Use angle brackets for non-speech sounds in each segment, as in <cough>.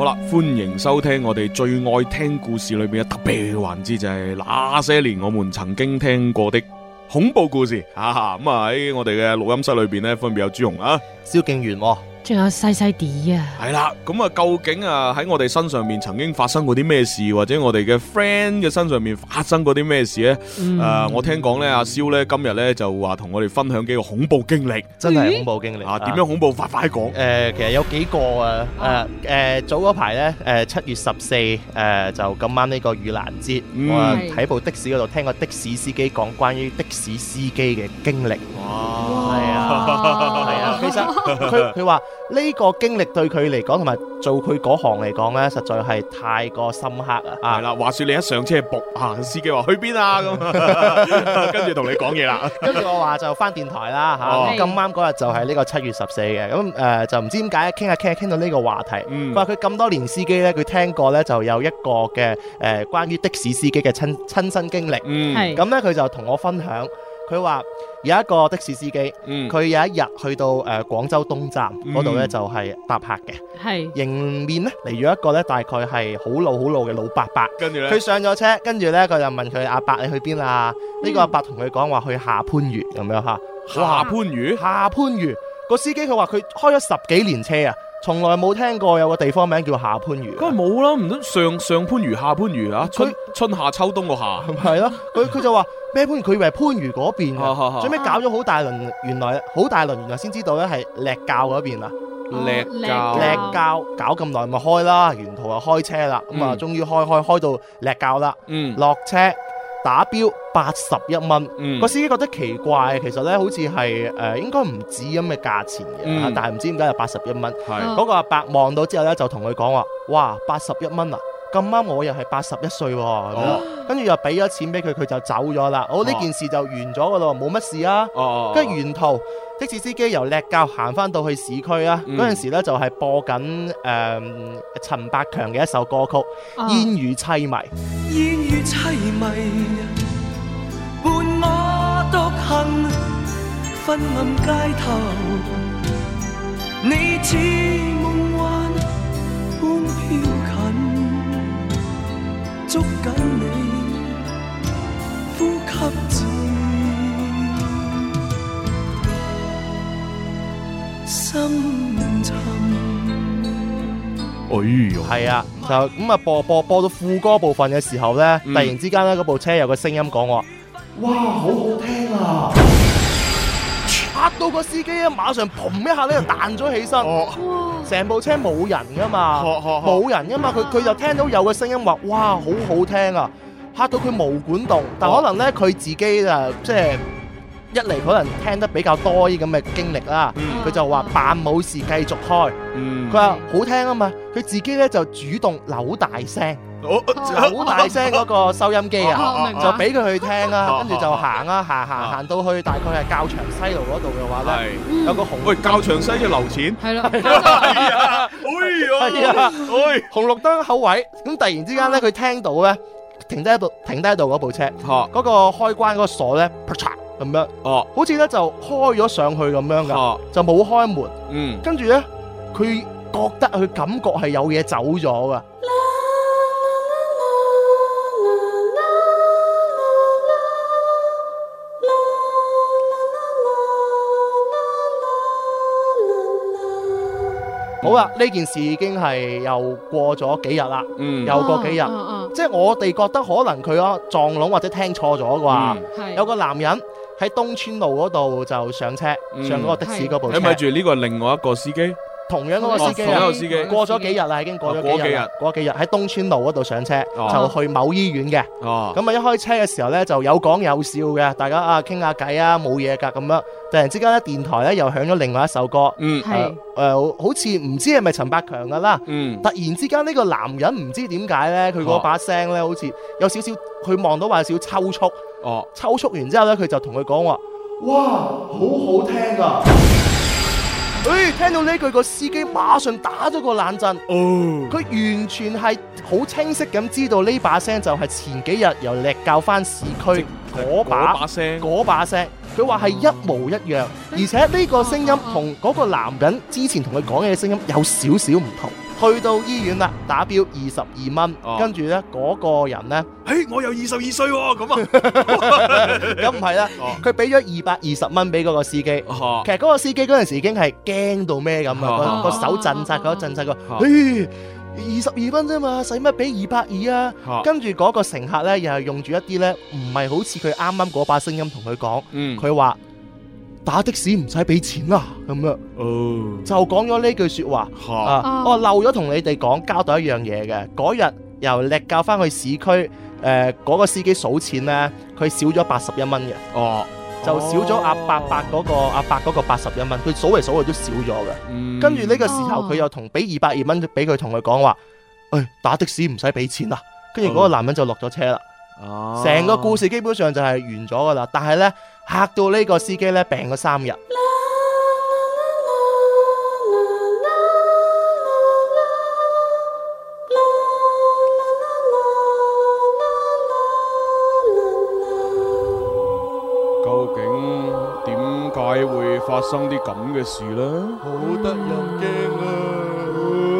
好啦，歡迎收聽我哋最愛聽故事裏面嘅特別環節，是就係那些年我們曾經聽過的恐怖故事啊！咁啊喺我哋嘅錄音室裏邊呢，分別有朱紅啊、蕭敬元、哦。仲有細細哋啊！係啦，咁啊，究竟啊喺我哋身上面曾經發生過啲咩事，或者我哋嘅 friend 嘅身上面發生過啲咩事咧？誒，我聽講咧，阿蕭咧今日咧就話同我哋分享幾個恐怖經歷，真係恐怖經歷啊！點樣恐怖？快快講！誒，其實有幾個啊，誒，誒，早嗰排咧，誒，七月十四，誒，就咁啱呢個盂蘭節，我喺部的士嗰度聽過的士司機講關於的士司機嘅經歷。佢佢話呢個經歷對佢嚟講，同埋做佢嗰行嚟講呢，實在係太過深刻啦！係 <laughs> 啦，話說你一上車，仆啊，司 <laughs> 機話去邊 <laughs> 啊？咁跟住同你講嘢啦，跟住我話就翻電台啦吓。咁啱嗰日就係呢個七月十四嘅咁誒，就唔知點解傾下傾下傾到呢個話題。佢話佢咁多年司機呢，佢聽過呢，就有一個嘅誒、呃，關於的士司機嘅親親身經歷。咁呢、嗯，佢、嗯、就同我分享。佢話有一個的士司機，佢、嗯、有一日去到誒、呃、廣州東站嗰度、嗯、呢就係、是、搭客嘅，是迎面呢，嚟咗一個呢，大概係好老好老嘅老伯伯。跟住呢，佢上咗車，跟住呢，佢就問佢，阿伯你去邊啊？呢、嗯、個阿伯同佢講話去下番禺咁樣嚇。下番禺？下番禺？個司機佢話佢開咗十幾年車啊！從來冇聽過有個地方名叫下番禺，梗係冇啦，唔通上上番禺下番禺啊？他 春春夏秋冬個夏、 <laughs> 啊，係咯，佢佢就話咩番禺，佢以為番禺嗰邊， <laughs> 最尾搞咗好大輪，原來好大輪，原來先知道咧係瀝滘嗰邊啊！瀝滘瀝滘搞咁耐咪開啦，沿途啊開車啦，咁啊終於開開開到瀝滘啦，嗯，落車。打表八十一蚊，個司機覺得奇怪，其實呢，好似係誒應該唔止咁嘅價錢嘅，但係唔知點解有八十一蚊。嗰個阿伯望到之後呢，就同佢講話：哇，八十一蚊啊！咁啱我又係八十一歲，跟住又俾咗錢俾佢，佢就走咗啦。我呢件事就完咗噶咯，冇乜事啊。跟住沿途的士司機由瀝滘行翻到去市區啊，嗰陣時呢，就係播緊誒陳百強嘅一首歌曲《煙雨淒迷》。煙雨淒迷，伴我獨行，昏暗街頭，你似夢幻般飄近，捉緊你，呼吸間，心。係啊，就咁啊播播播到副歌部分嘅時候呢，嗯、突然之間呢，嗰部車有個聲音講我，嗯、哇，好好聽啊！嚇到個司機啊，馬上嘭一下呢，就彈咗起身，成、哦、部車冇人噶嘛，冇人噶嘛，佢佢就聽到有個聲音話，哇，好好聽啊！嚇到佢毛管動，但可能呢，佢自己啊即係。就是一嚟可能聽得比較多啲咁嘅經歷啦，佢就話扮冇事繼續開，佢話好聽啊嘛，佢自己咧就主動扭大聲，好大聲嗰個收音機啊，就俾佢去聽啦，跟住就行啊，行行行到去大概係教場西路嗰度嘅話啦，有個紅，喂教場西路樓前，係咯，紅綠燈口位，咁突然之間咧佢聽到咧停低喺度停低度嗰部車，嗰個開關嗰個鎖咧。咁樣哦，啊、好似咧就開咗上去咁樣噶，啊、就冇開門。嗯，跟住咧，佢覺得佢感覺係有嘢走咗噶。嗯、好啦，呢件事已經係又過咗幾日啦。嗯、又過幾日。啊啊、即係我哋覺得可能佢啊撞聾或者聽錯咗啩。嗯。係。有個男人。喺東川路嗰度就上車、嗯、上嗰個的士嗰部車，係咪住呢個係另外一個司機？同樣嗰個司機，過咗幾日啦，已經過咗幾日，過幾日喺東川路嗰度上車，就去某醫院嘅。咁啊，一開車嘅時候咧，就有講有笑嘅，大家啊傾下偈啊，冇嘢㗎咁樣。突然之間咧，電台咧又響咗另外一首歌。係誒，好似唔知係咪陳百強㗎啦。突然之間呢個男人唔知點解咧，佢嗰把聲咧好似有少少，佢望到話有少抽搐。抽搐完之後咧，佢就同佢講話，哇，好好聽㗎！誒、哎，聽到呢句個司機馬上打咗個冷震。哦，佢完全係好清晰咁知道呢把聲就係前幾日由瀝滘翻市區嗰即把聲，嗰把聲。佢話係一模一樣，而且呢個聲音同嗰個男人之前同佢講嘢嘅聲音有少少唔同。去到醫院啦，打表二十二蚊，跟住、啊、呢嗰、嗰個人呢，嘿、欸，我有二十二歲喎，咁啊，咁唔係啦，佢俾咗二百二十蚊俾嗰個司機，啊、其實嗰個司機嗰陣時已經係驚到咩咁啊，個手震窒，個震窒個，二十二蚊啫嘛，使乜俾二百二啊？哎、啊啊跟住嗰個乘客呢，又係用住一啲呢，唔係好似佢啱啱嗰把聲音同佢講，佢話、嗯。打的士唔使俾錢啊！咁樣，oh. 就講咗呢句說話 Huh? 啊，我漏咗同你哋講交代一樣嘢嘅。嗰日由叻教翻去市區，誒、呃，嗰、那個司機數錢呢，佢少咗八十一蚊嘅。哦，oh. oh. 就少咗阿伯伯嗰、那個，阿伯嗰個八十一蚊，佢數嚟數去都少咗嘅。跟住呢個時候，佢又同俾二百二蚊，俾佢同佢講話，誒，打的士唔使俾錢啊！跟住嗰個男人就落咗車啦。Oh. 成個故事基本上就係完咗㗎喇，但係呢，嚇到呢個司機呢，病咗三日。究竟點解會發生啲咁嘅事呢？好得人驚啊！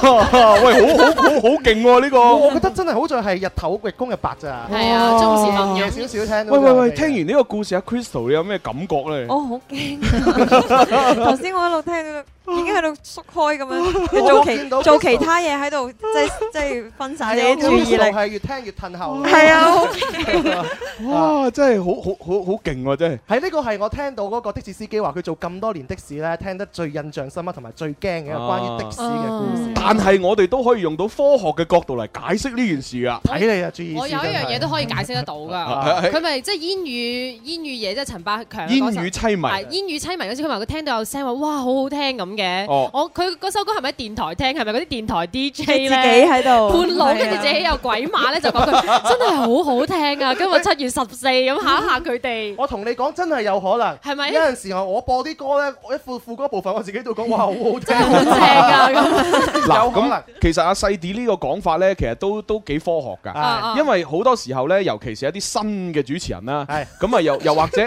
<laughs> 喂，好好好好勁喎，啊！呢、呢個， <laughs> 我覺得真係好似係日頭日光日白咋。係 <laughs> 啊，仲係夜少少聽，聽。喂喂喂，聽完呢個故事，阿 <laughs> Crystal 你有咩感覺咧？哦，好驚。頭 <laughs> 先 <laughs> <laughs> 我一路聽到。已經喺度縮開咁樣，做其做其他嘢喺度，即係即係分散自己注意力。係越聽越褪後。係啊！好勁啊！哇，真係好好好好勁啊！真係喺呢個係我聽到嗰個的士司機話佢做咁多年的士咧，聽得最印象深刻同埋最驚嘅一個關於的士嘅故事。但係我哋都可以用到科學嘅角度嚟解釋呢件事啊！睇你啊，注意！我有一樣嘢都可以解釋得到㗎。佢咪即係煙雨煙雨夜，即係陳百強。煙雨凄迷。煙雨凄迷嗰陣，佢話佢聽到有聲話，哇，好好聽咁嘅，我佢嗰首歌係咪喺電台聽？係咪嗰啲電台 DJ 咧？自己喺度伴郎，跟住自己有鬼馬咧，就講佢真係好好聽啊！今日七月十四，咁嚇一嚇佢哋。我同你講，真係有可能。係咪？有陣時候我播啲歌咧，一副副歌部分，我自己都講，哇，好好聽啊！好正噶！咁，嗱咁嗱，其實阿細啲呢個講法咧，其實都都幾科學噶，因為好多時候咧，尤其是一啲新嘅主持人啦，咁啊，又又或者。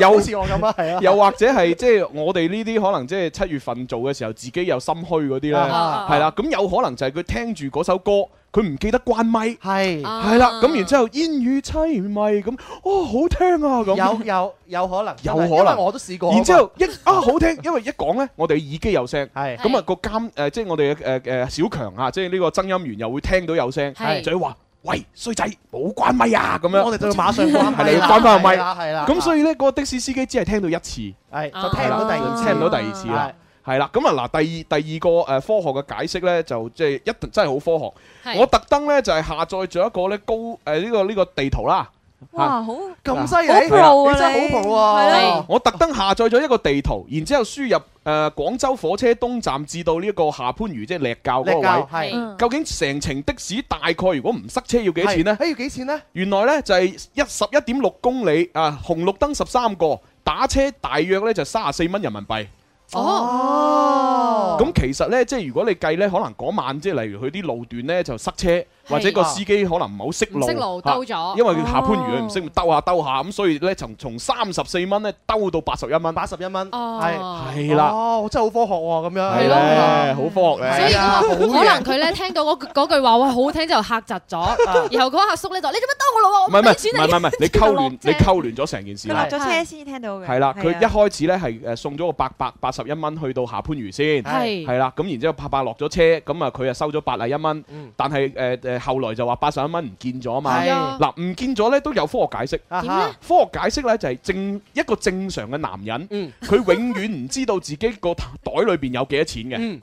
又好似我咁啊，係啊！又或者係即係我哋呢啲可能即係七月份做嘅時候，自己又心虛嗰啲咧，係啦。 <laughs> 咁有可能就係佢聽住嗰首歌，佢唔記得關咪，係係啦。咁的、啊、然之後煙雨悽迷咁，哇、哦，好聽啊！咁有有有可能有可能我都試過。然之後一啊，啊好聽，因為一講咧，我哋耳機有聲，係咁啊個監誒，即、呃、係、就是、我哋誒誒小強啊，即係呢個增音員又會聽到有聲，係嘴話。喂，衰仔，冇關咪啊！咁樣，我哋就要馬上關翻。係你關翻個咪。係啦，咁所以呢嗰個的士司機只係聽到一次，係就聽到第二，聽唔到第二次啦。係啦，咁啊嗱，第二第二個誒科學嘅解釋呢，就即係一真係好科學。我特登呢，就係下載咗一個咧高誒呢個呢個地圖啦。哇，好咁犀利，的你真係好酷啊！的你我特登下載咗一個地圖，然之後輸入誒廣、呃、州火車東站至到呢一個下番禺即係瀝滘嗰個位，嗯、究竟成程的士大概如果唔塞車要幾錢呢？哎，要幾錢呢？原來呢就係一十一點六公里啊、呃，紅綠燈十三個，打車大約呢就三十四蚊人民幣。哦，咁其實咧，即係如果你計咧，可能嗰晚即係例如佢啲路段咧就塞車，或者個司機可能唔係好識路，路，兜咗，因為佢下番禺佢唔識，兜下兜下咁，所以咧從從三十四蚊咧兜到八十一蚊。八十一蚊，哦，係係啦，哦，真係好科學喎，咁樣，係咯，好科學嘅。所以可能佢咧聽到嗰句話哇，好好聽之後嚇窒咗，然後嗰個客叔呢就，你做乜兜我路啊？唔畀唔係唔係，你溝亂你溝亂咗成件事啦。佢落咗車先聽到嘅。係啦，佢一開始咧係誒送咗個八百八十。十一蚊去到下番禺先，係啦是，咁然之後啪啪落咗車，咁啊佢啊收咗八啊一蚊，嗯、但係誒誒後來就話八十一蚊唔見咗嘛，嗱唔的、啊、見咗咧都有科學解釋。啊、呢科學解釋咧就係、是、正一個正常嘅男人，佢、嗯、永遠唔知道自己個袋裏邊有幾多錢嘅，嗯、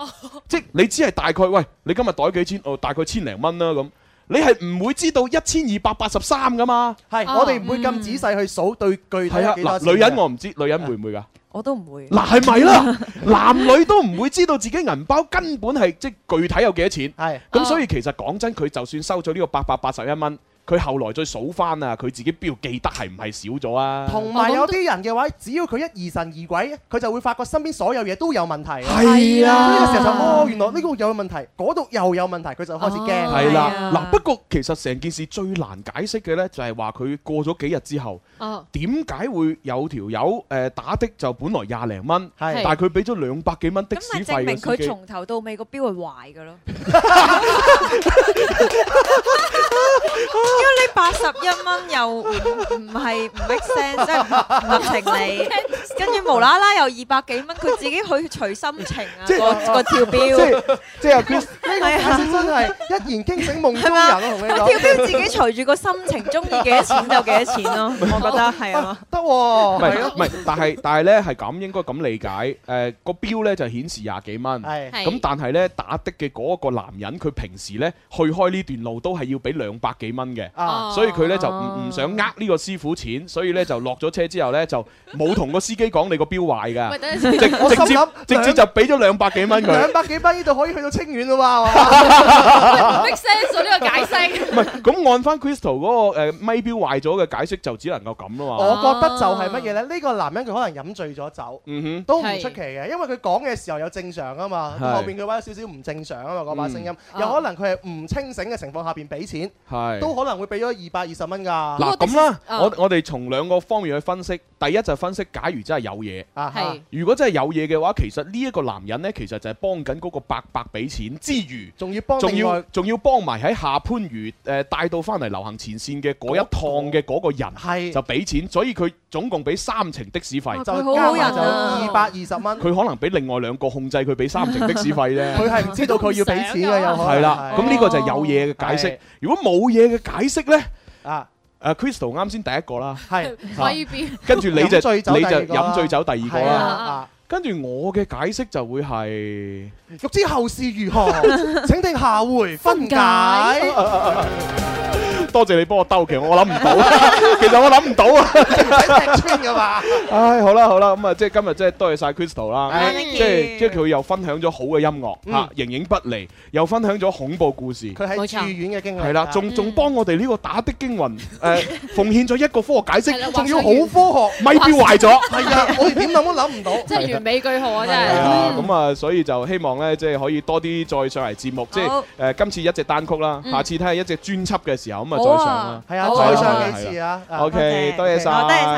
即你只係大概，喂你今日袋幾錢哦，大概一千零蚊啦咁，你係唔會知道一千二百八十三噶嘛，係的、哦、我哋唔會咁仔細去數對具體嗱，女人我唔知女人會唔會噶。我都唔會，嗱係咪啦？男女都唔會知道自己銀包根本係即係具體有幾多錢，係咁，所以其實講真，佢就算收咗呢個八百八十一蚊。佢後來再數翻啊，佢自己標記得係唔係少咗啊？同埋有啲人嘅話，只要佢一疑神疑鬼，佢就會發覺身邊所有嘢都有問題。係啊，呢個時候就哦，原來呢度又有問題，嗰度又有問題，佢就開始驚。係啦，嗱，不過其實成件事最難解釋嘅呢，就係話佢過咗幾日之後，點解、哦、會有條友誒打的就本來廿零蚊，啊、但係佢俾咗兩百幾蚊的士費，佢從頭到尾個表係壞嘅咯。 <laughs> <laughs> 因為呢八十一蚊又唔係唔 make sense，即係唔合情理。跟住無啦啦又二百幾蚊，佢自己去隨心情啊個個跳表，即係即係佢呢個先真係一言驚醒夢中人咯。跳表自己隨住個心情，中意幾多錢就幾多錢咯。我覺得係啊，得喎。係咯，唔係，但係但係咧係咁應該咁理解誒個表咧就顯示廿幾蚊。係咁，但係咧打的嘅嗰一個男人，佢平時咧去開呢段路都係要俾兩百幾蚊嘅。啊！所以佢咧就唔唔想呃呢個師傅錢，所以咧就落咗車之後咧就冇同個司機講你個錶壞㗎，直接直接就俾咗兩百幾蚊佢。兩百幾蚊呢度可以去到清遠啊嘛！Make sense 呢個解釋。唔係，咁按翻 Crystal 嗰個咪錶壞咗嘅解釋就只能夠咁啦嘛。我覺得就係乜嘢咧？呢個男人佢可能飲醉咗酒，都唔出奇嘅，因為佢講嘅時候有正常啊嘛，後邊佢話有少少唔正常啊嘛，嗰把聲音，有可能佢係唔清醒嘅情況下邊俾錢，都可能。會俾咗二百二十蚊㗎。嗱咁啦，我我哋從兩個方面去分析。第一就分析，假如真係有嘢啊，是如果真係有嘢嘅話，其實呢一個男人呢，其實就係幫緊嗰個白白俾錢之餘，仲要幫仲要仲要幫埋喺下番禺誒帶到翻嚟流行前線嘅嗰一趟嘅嗰個人，係、那個、就俾錢。所以佢總共俾三程的士費，啊啊、就加埋就二百二十蚊。佢 <laughs> 可能俾另外兩個控制佢俾三程的士費啫。佢係唔知道佢要俾錢嘅。又係啦。咁呢個就係有嘢嘅解釋。的如果冇嘢嘅解釋，解釋咧啊，誒 Crystal 啱先第一個啦，係威變，跟住你就你就飲醉酒，第二個啦，跟住我嘅解釋就會係，欲知後事如何，請聽下回分解。多謝你幫我兜，其實我諗唔到，其實我諗唔到啊！喺唉，好啦好啦，咁啊，即係今日即係多謝晒 Crystal 啦，即係即係佢又分享咗好嘅音樂嚇，形影不離，又分享咗恐怖故事，佢喺住院嘅經歷，係啦，仲仲幫我哋呢個打的驚魂誒，奉獻咗一個科學解釋，仲要好科學，咪變壞咗，係啊！我哋點諗都諗唔到，即係完美句號啊！真係，咁啊，所以就希望咧，即係可以多啲再上嚟節目，即係誒，今次一隻單曲啦，下次睇下一隻專輯嘅時候咁啊。哇！係啊，再上幾次啊？OK，多謝晒，多謝晒。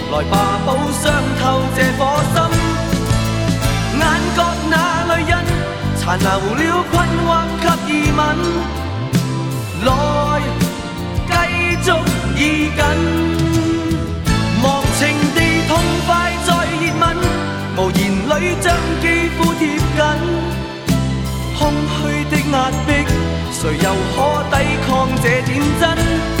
來吧，補傷透這顆心，眼角那淚印殘留了困惑及疑問。來，繼續移近，忘情地痛快再熱吻，無言裏將肌膚貼緊，空虛的壓迫，誰又可抵抗這點真？